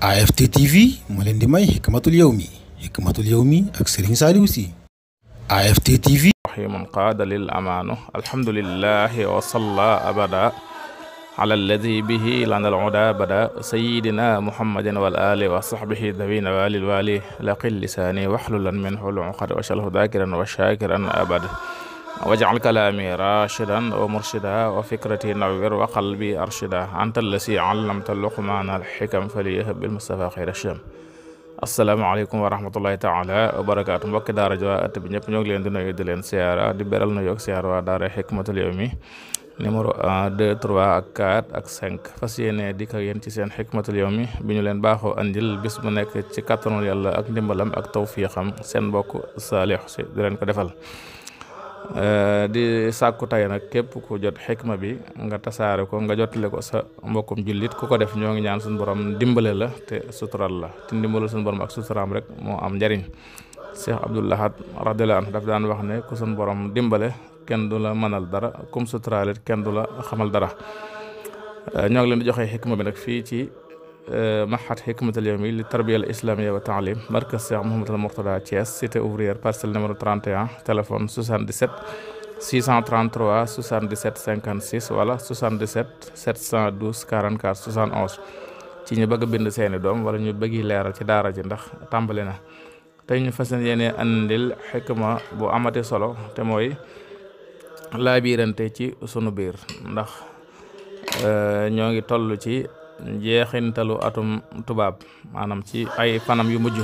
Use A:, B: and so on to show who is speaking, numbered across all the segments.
A: AFT TV moo leen di may xikmatul yawmi xikmatul yawmi ak Serigne Saliou Sy AFT TV rahimun qaada lil amaanu alhamdulillahi wa salla abada ala alladi bihi lana alhuda bada sayidina muhammadin wal ali wa sahbihi dawina walil wali laqil lisaani waxlulan minhu luqad wa shalhu dakiran wa shakiran abada wajal kalaami rashidan wa murshida wa fikrati nawwir wa qalbi arshida anta allasi allamta luqmaana alxikam faliyahab bil mustafa xayra sham asalaamaaleykum wa rahmatullahi taala wa barakaatu mbokki daara ji waa at bi ñëpp ñoo ngi leen di nuyu di leen siyaara di beral nuyu ak siyaar waa daara xikmatul yawmi numéro 1 2 3 ak 4 ak 5 fas yéene di ak yéen ci seen xikmatul yawmi bi ñu leen baaxoo andil bis bu nekk ci kàttanul yàlla ak ndimbalam ak tawfiixam seen mbokk saalix d leen ko defal Eh, di sàkku tay nag képp ku jot xikma bi nga tasaare ko nga jotle ko sa mbokkum jullit ku ko def ñoo ngi ñaan suñ borom dimbale la te sutural la te dimbalal suñ borom ak suturaam rek moo am njariñ Cheikh Abdoul Ahad radiyallahu anhu daf daan wax ne ku suñu borom dimbale kenn du la mënal dara kum suturaal it kenn du la xamal dara eh, ñoo ngi leen di joxe xikma bi nag fii ci Euh, maxat xikmatul yawmi li tarbiya al islamiyya wa taalim markaz Cheikh Mouhamadou Mourtada Thiès cité ouvrière parcelle numéro 31 téléphone 77 633 77 56 wala 77 712 44 ci ñu bëgg bind seeni doom wala ñu bëggi leeral ci daara ji ndax tàmbali na tey ñu fas yéene andil xikma bu amati solo te mooy laabirante ci sunu biir ndax euh, ñoo ngi toll ci njeexintalu atum tubaab maanam ci ay fanam yu mujj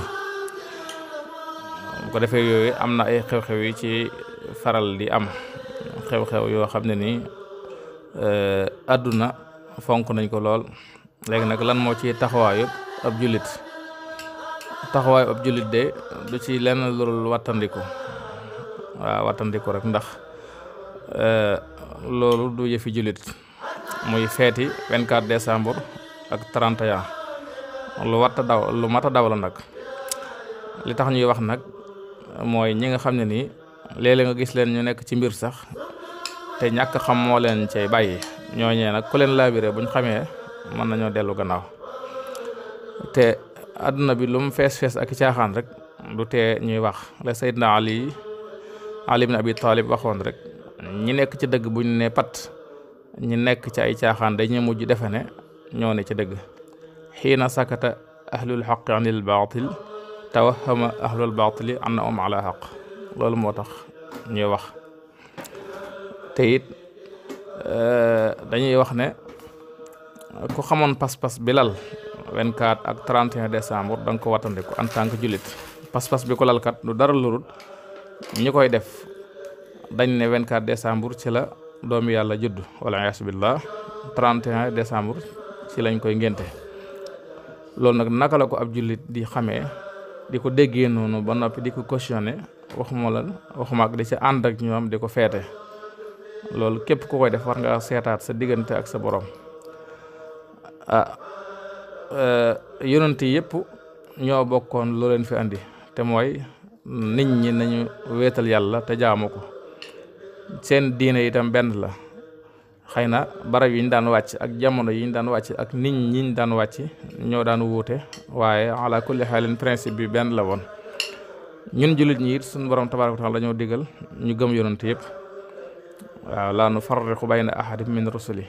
A: ko defee yooyu am na ay xew-xew yi ci faral di am xew-xew yoo xam ne nii eh, àdduna fonk nañ ko lool léegi nag lan moo ci taxawaayu ab julit taxawaayu ab jullit de du ci lenn loolu wattandiku waaw wattandiku rek ndax eh, loolu du yëfi jullit muy feeti 24 décembre ak 31 lu wat daw lu mat a daw la nag li tax ñuy wax nag mooy ñi nga xam ne nii léeg-léeg nga gis leen ñu nekk ci mbir sax te ñàkk xam moo leen cay bàyyi ñooñee nag ku leen laabiré bu ñu xamee mën nañoo dellu gannaaw te àdduna bi lu mu fees fees ak caaxaan rek lu tee ñuy wax la Seydina Ali Ali ibn Abi Talib waxoon rek ñi nekk ci dëgg buñ ne pat ñi nekk ci ay caaxaan dañuy mujj defe ne ñoo ne ci dëgg xiina sakata ahlul xaq an il baatil tawahama ahlul baatili annahum ala xaq loolu moo tax ñuy wax te it euh, dañuy wax ne ku xamoon pas-pas bi lal 24 ak 31 décembre da nga ko wattandiku en tant que jullit pas-pas bi ko lalkat du dara lurut ñi koy def dañ ne 24 décembre ci la doomu yàlla judd wala yasubillah 31 décembre ci lañ koy ngénte loolu nag naka la ko ab jullit di xamee di ko déggee noonu ba noppi di ko cautionné waxuma la waxuma ak di ci ànd ak ñoom di ko feete loolu képp ku koy def war nga seetaat sa diggante ak sa borom ah eh, yépp ñoo bokkoon loo leen fi andi te mooy nit ñi nañu wéetal yàlla te jaamu ko seen diine itam benn la xëy na barab yi ñu daan wàcc ak jamono yi ñu daan wàcc ak nit ñi ñu daan wàcc ñoo daan wuute waaye ala kulli xaalin principe bi benn la woon ñun jullit ñi it suñu borom tabaaraka wa taala digal ñu gëm yonent yëpp waaw laa nu farriqu bayna ahadin min rusuli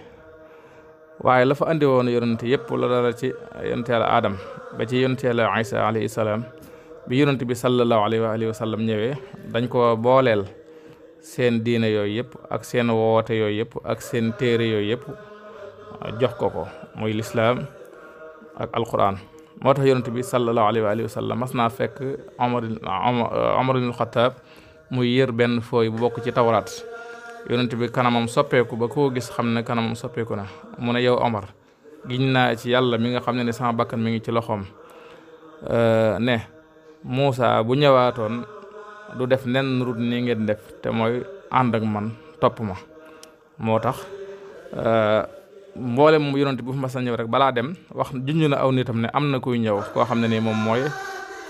A: waaye la fa woon yonent yëpp la ci yonent yàlla aadam ba ci yonent yàlla isa alayhi salaam bi yonent bi sallallahu alayhi wa alihi wa ñëwee dañ ko booleel seen diine yooyu yëpp ak seen woote yooyu yëpp ak seen téere yooyu yëpp ah, jox ko ko muy lislaam ak alquran moo tax yonent bi sallallahu alayhi wa alihi mas naa fekk Omar ah, Omar ibnul Xataab muy yër benn fooy bu bokk ci tawraat yonent bi kanamam soppeeku ba koo gis xam ne kanamam soppeeku na mu ne yow Omar giñ na ci yàlla mi nga xam ne ne sama bakkan mi ngi ci loxoom eh, ne Muusa bu ñëwaatoon du def nen rut nii ngeen def te mooy ànd ak man topp ma moo tax euh, mboolem yonent bu fi mas a ñëw rek balaa dem wax junj na aw nitam ne am na kuy ñëw koo xam ne nii moom mooy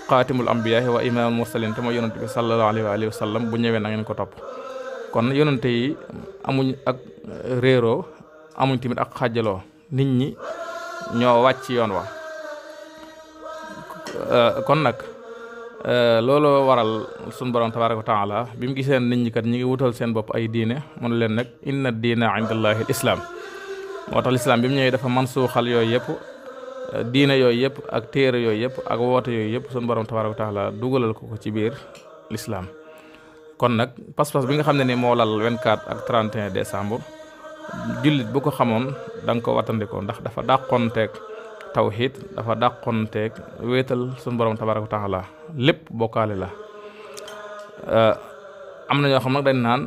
A: xaatimul ambiyaahi wa imaamul mursalin te mooy yonent bi sallallahu alayhi wa bu ñëwee na ngeen ko topp kon yonent yi amuñ ak réeroo amuñ timit ak xajaloo nit ñi ñoo wàcc yoon wa kon nag Euh, looloo waral sunu borom tabaaraka wa taala bi mu gisee nit ñi kat ñi ngi wutal seen bopp ay diine mun leen nag inna diina indallahi islaam moo tax lislaam bi mu ñëwee dafa mansuuxal yooyu yëpp euh, diine yooyu yëpp ak téere yooyu yëpp ak woote yooyu yëpp sunu borom tabaaraka wa taala dugalal ko ko ci biir lislaam kon nag pas-pas bi nga xam ne ni moo lal 24 ak 31 décembre jullit bu ko xamoon da nga ko wattandikoo ndax dafa dàqoonteeg xiit dafa dàqonteeg wéetal suñu borom tabaaraka wa la lépp bokkaale la eh, am na ñoo xam nag dañ naan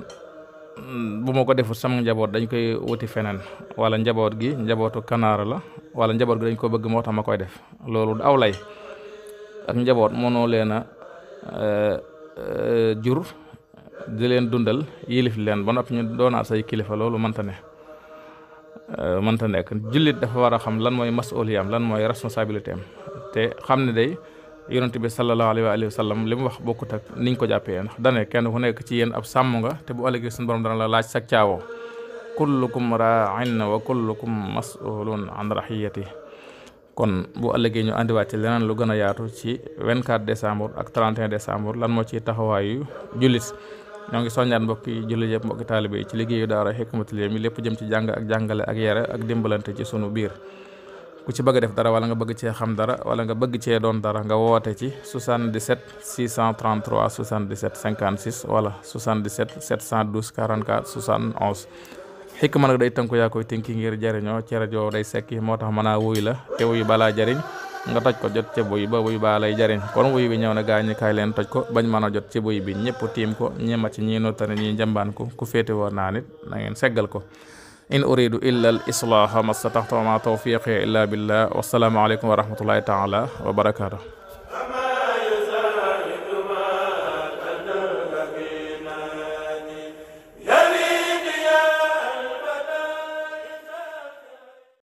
A: mm, bu ma ko defut sama njaboot dañ koy wuti feneen wala njaboot gi njabootu kanaara la wala njaboot gi dañ ko bëgg moo tax ma koy def loolu aw lay ak njaboot mënoo leen a eh, eh, jur di leen dundal yilif leen ba noppi ñu doonaat say kilifa loolu mënta ne Euh, mënta nekk jullit dafa war a xam lan mooy masuliyaam lan mooy responsabilité am te xam ne day yonent bi sallallahu alayhi wa alihi wa sallam li mu wax bokkut ak niñ ko jàppee ndax dane kenn ku nekk ci yéen ab sàmm nga te bu ëllëgee suñu borom dana la laaj sag caawoo kullukum raain wa kullukum masulun an rahiyati kon bu ëllëgee ñu andiwaat ci leneen lu gën a yaatu ci 24 décembre ak 31 décembre lan moo ci taxawaayu jullit ñoo ngi soññaat mbokki jullit yëpp mbokki taalibe yi ci liggéeyu daara Hikmatul Yawmi lépp jëm ci jàng ak jàngale ak yare ak dimbalante ci sunu biir ku ci bëgg def dara wala nga bëgg cee xam dara wala nga bëgg cee doon dara nga woote ci 77 633 77 56 wala 77 712 44 71 xikma nag day tënku yaa koy tënki ngir jariñoo ci rajo day sekki moo tax mën a la te wuy balaa jariñ nga toj ko jot ci buy ba buy baa lay jariñ kon wuy bi ñëw na gaa ñi leen toj ko bañ mën a jot ci buy bi ñëpp tiim ko ñi màcc ñi nottane ñi njambaan ko ku féete woon naa nit na ngeen seggal ko in uridu illa al islaaha mastataxtu ma tawfiqi illa billah wasalaamu aleykum wa rahmatullahi taala wa barakatuh